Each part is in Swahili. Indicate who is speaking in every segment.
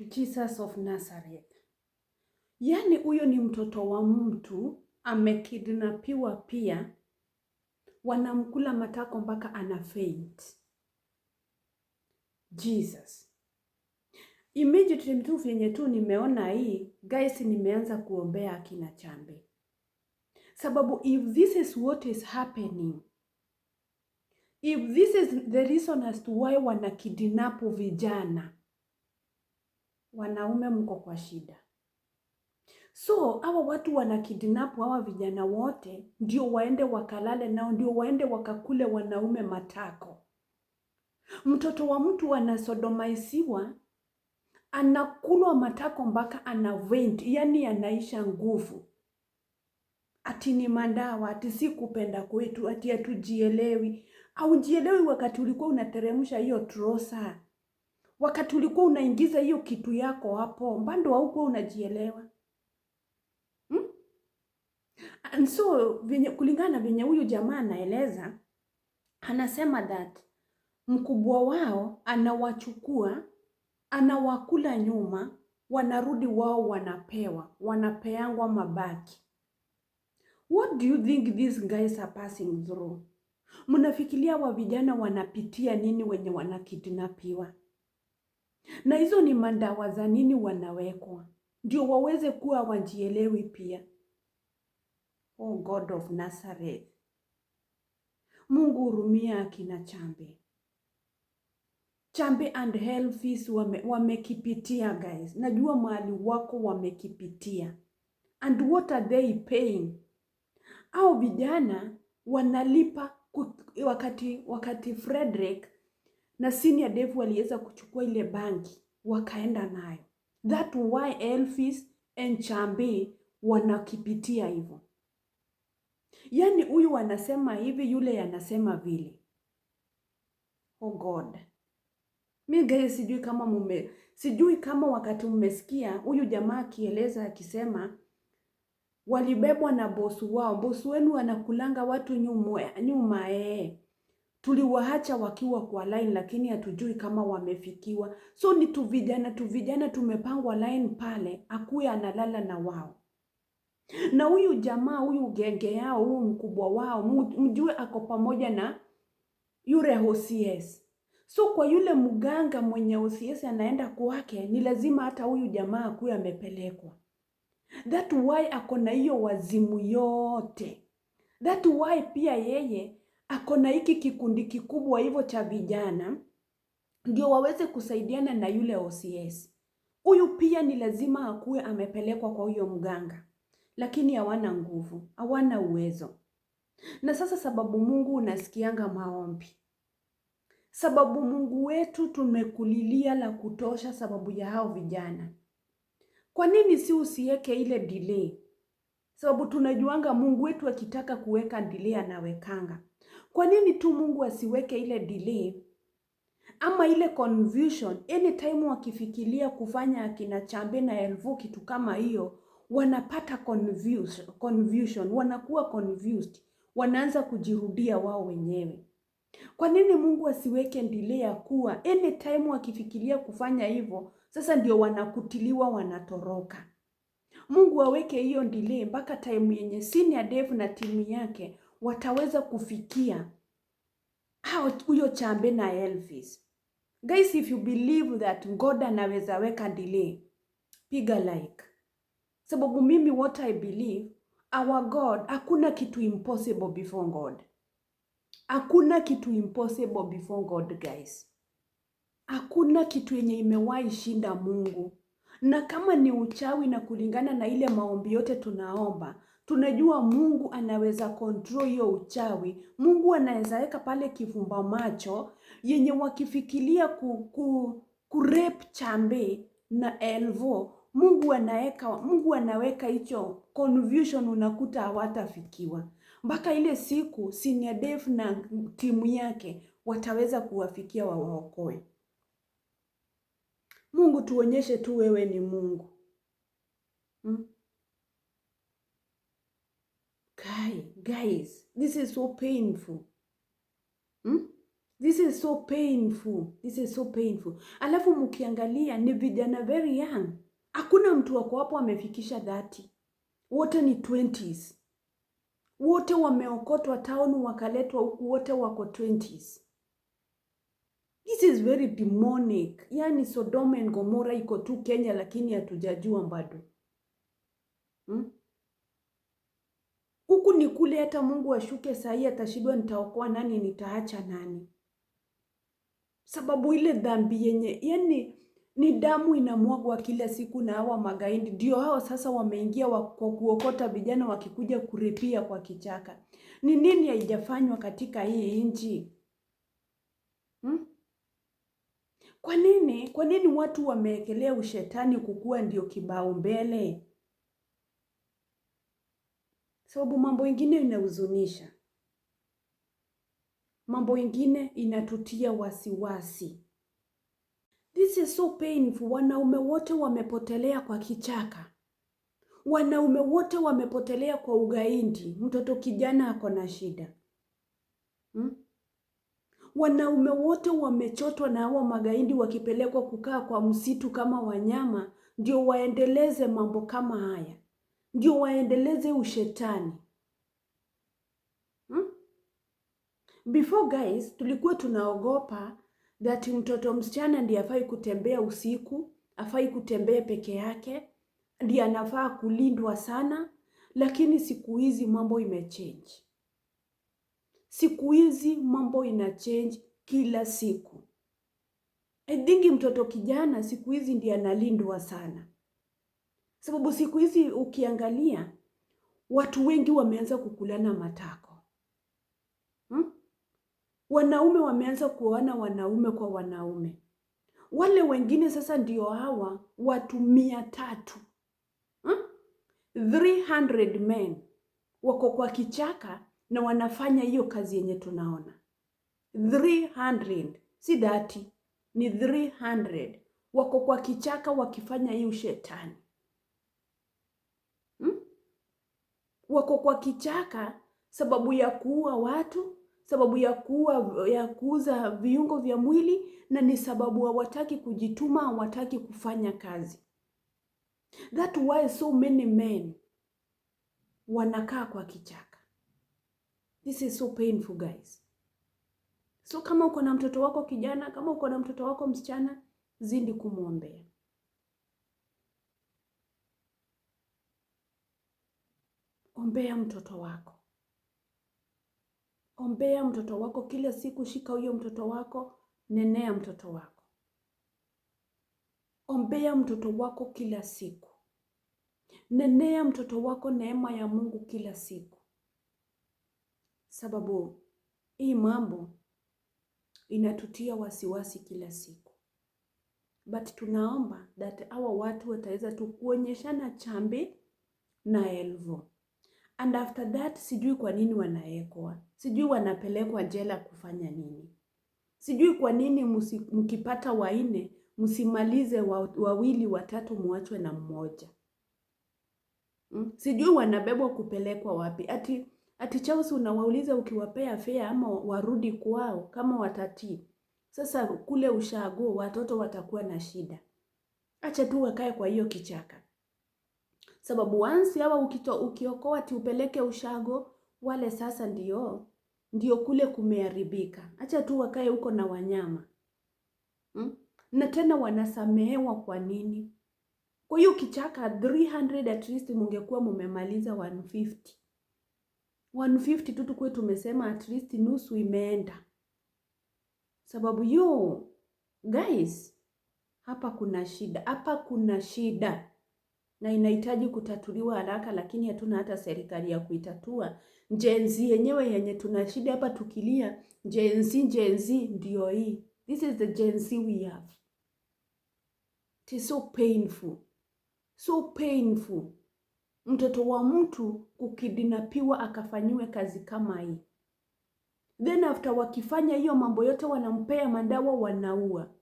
Speaker 1: Jesus of Nazareth. Yaani huyo ni mtoto wa mtu amekidnapiwa, pia wanamkula matako mpaka ana faint. Jesus, immediately mtu vyenye tu nimeona hii guys, nimeanza kuombea akina Chambe, sababu if this is what is happening if this is the reason as to why wanakidnapu vijana wanaume mko kwa shida. So hawa watu wana kidnap hawa vijana wote, ndio waende wakalale nao, ndio waende wakakule wanaume matako. Mtoto wa mtu anasodomaisiwa, anakulwa matako mpaka ana vent, yani anaisha nguvu. Ati ni mandawa, ati si kupenda kwetu, ati hatujielewi. Aujielewi wakati ulikuwa unateremsha hiyo trosa wakati ulikuwa unaingiza hiyo kitu yako hapo bado haukuwa unajielewa hmm? And so vinye, kulingana venye huyu jamaa anaeleza, anasema that mkubwa wao anawachukua anawakula nyuma, wanarudi wao wanapewa wanapeangwa mabaki. What do you think these guys are passing through? Mnafikiria wa vijana wanapitia nini wenye wanakidnapiwa? Na hizo ni mandawa za nini wanawekwa ndio waweze kuwa wajielewi pia. Oh God of Nazareth, Mungu hurumia akina Chambe. Chambe and wame, wamekipitia guys, najua mahali wako wamekipitia, and what are they paying? Au vijana wanalipa wakati, wakati Frederick na senior dev waliweza kuchukua ile banki wakaenda nayo. That why Elvis and Chambi wanakipitia hivyo, yaani huyu anasema hivi, yule anasema vile. Oh God, mi guys, sijui kama mume, sijui kama wakati mmesikia huyu jamaa akieleza akisema walibebwa na bosu wao. Bosu wenu anakulanga watu nyuma, nyuma ee tuliwaacha wakiwa kwa line, lakini hatujui kama wamefikiwa. So ni tu vijana tu vijana tumepangwa line pale, akuye analala na wao na huyu jamaa huyu genge yao huyu mkubwa wao, mjue ako pamoja na yule OCS. So kwa yule mganga mwenye OCS anaenda kwake, ni lazima hata huyu jamaa akuye amepelekwa. That why ako na hiyo wazimu yote, that why pia yeye ako na hiki kikundi kikubwa hivyo cha vijana ndio waweze kusaidiana na yule OCS. Huyu pia ni lazima akuwe amepelekwa kwa huyo mganga, lakini hawana nguvu, hawana uwezo. Na sasa sababu Mungu unasikianga maombi, sababu Mungu wetu tumekulilia la kutosha, sababu ya hao vijana. Kwa nini si usiweke ile delay? Sababu tunajuanga Mungu wetu akitaka kuweka delay anawekanga kwa nini tu Mungu asiweke ile delay ama ile confusion? Anytime wakifikiria kufanya akina Chambe na Elvu kitu kama hiyo, wanapata confusion, confusion, wanakuwa confused, wanaanza kujirudia wao wenyewe. Kwa nini Mungu asiweke delay ya kuwa anytime wakifikiria kufanya hivyo, sasa ndio wanakutiliwa, wanatoroka? Mungu aweke hiyo delay mpaka time yenye senior dev na timu yake wataweza kufikia huyo Chambe na Elvis. Guys, if you believe that God anaweza weka delay, piga like, sababu mimi what I believe our God, hakuna kitu impossible before God. Hakuna kitu impossible before God guys. Hakuna kitu yenye imewahi shinda Mungu, na kama ni uchawi na kulingana na ile maombi yote tunaomba tunajua Mungu anaweza control hiyo uchawi. Mungu anaweza weka pale kifumba macho yenye wakifikiria ku, ku, kurep chambe na elvo Mungu anaweka Mungu anaweka hicho confusion, unakuta hawatafikiwa mpaka ile siku Senior dev na timu yake wataweza kuwafikia wawaokoe. Mungu tuonyeshe tu wewe ni Mungu hmm? Guy, guys, this is so painful. Hmm? This is so painful. This is so painful. Alafu mukiangalia ni vijana very young. Hakuna mtu wako hapo amefikisha dhati. Wote ni 20s. Wote wameokotwa town wakaletwa huku, wote wako 20s. This is very demonic. Yaani Sodoma and Gomora iko tu Kenya, lakini hatujajua bado. Hmm? huku ni kule, hata Mungu ashuke sahii, atashindwa nitaokoa nani, nitaacha nani? Sababu ile dhambi yenye yani ni damu inamwagwa kila siku na hawa magaidi ndio hao sasa wameingia kwa kuokota vijana wakikuja kuripia kwa kichaka. Ni nini haijafanywa katika hii nchi hmm? Kwa nini, kwa nini watu wameekelea ushetani kukua ndio kibao mbele? sababu mambo ingine inahuzunisha, mambo ingine inatutia wasiwasi. This is so painful. Wanaume wote wamepotelea kwa kichaka, wanaume wote wamepotelea kwa ugaindi. Mtoto kijana ako na shida hmm? Wanaume wote wamechotwa na hawa magaidi, wakipelekwa kukaa kwa msitu kama wanyama, ndio waendeleze mambo kama haya ndio waendeleze ushetani hmm? Before guys, tulikuwa tunaogopa that mtoto msichana ndiye afai kutembea usiku, afai kutembea peke yake, ndiye anafaa kulindwa sana, lakini siku hizi mambo imechange. Siku hizi mambo ina change kila siku. I think mtoto kijana siku hizi ndiye analindwa sana sababu siku hizi ukiangalia watu wengi wameanza kukulana matako hmm? Wanaume wameanza kuona wanaume kwa wanaume, wale wengine sasa ndio hawa watu mia tatu hmm? 300 men wako kwa kichaka na wanafanya hiyo kazi yenye tunaona 300 si dhati, ni 300 wako kwa kichaka wakifanya hiyo shetani. wako kwa kichaka sababu ya kuua watu, sababu ya kuua ya kuuza viungo vya mwili, na ni sababu hawataki kujituma, hawataki kufanya kazi. That why so many men wanakaa kwa kichaka. This is so painful guys. So kama uko na mtoto wako kijana, kama uko na mtoto wako msichana, zidi kumwombea. ombea mtoto wako, ombea mtoto wako kila siku. Shika huyo mtoto wako, nenea mtoto wako, ombea mtoto wako kila siku, nenea mtoto wako neema ya Mungu kila siku, sababu hii mambo inatutia wasiwasi kila siku, but tunaomba that hawa watu wataweza tu kuonyeshana chambi na elvo And after that sijui kwa nini wanaekwa, sijui wanapelekwa jela kufanya nini, sijui kwa nini mkipata waine msimalize wawili watatu muachwe na mmoja mm? Sijui wanabebwa kupelekwa wapi ati ati Chausi unawauliza ukiwapea fea ama warudi kwao kama watatii. Sasa kule ushago watoto watakuwa na shida. Acha tu wakae kwa hiyo kichaka sababu wansi hawa ukito, ukiokoa ti upeleke ushago wale sasa ndio ndio kule kumeharibika. Acha tu wakae huko na wanyama hmm? Na tena wanasamehewa kwa nini? Kwa hiyo kichaka 300 at least mungekuwa mumemaliza 150 150 tu tukue tumesema at least nusu imeenda, sababu yo guys, hapa kuna shida, hapa kuna shida na inahitaji kutatuliwa haraka, lakini hatuna hata serikali ya kuitatua. Jenzi yenyewe yenye tuna shida hapa tukilia, jenzi jenzi ndio hii. This is the jenzi we have. It is so painful. So painful. Mtoto wa mtu kukidinapiwa akafanyiwe kazi kama hii. Then after wakifanya hiyo mambo yote, wanampea madawa, wanaua,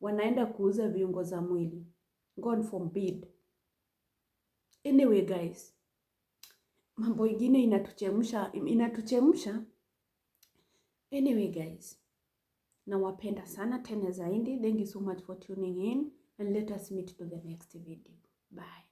Speaker 1: wanaenda kuuza viungo za mwili. God forbid. Anyway guys, mambo ingine inatuchemsha inatuchemsha. Anyway guys, nawapenda sana tena zaidi. Thank you so much for tuning in and let us meet to the next video. Bye.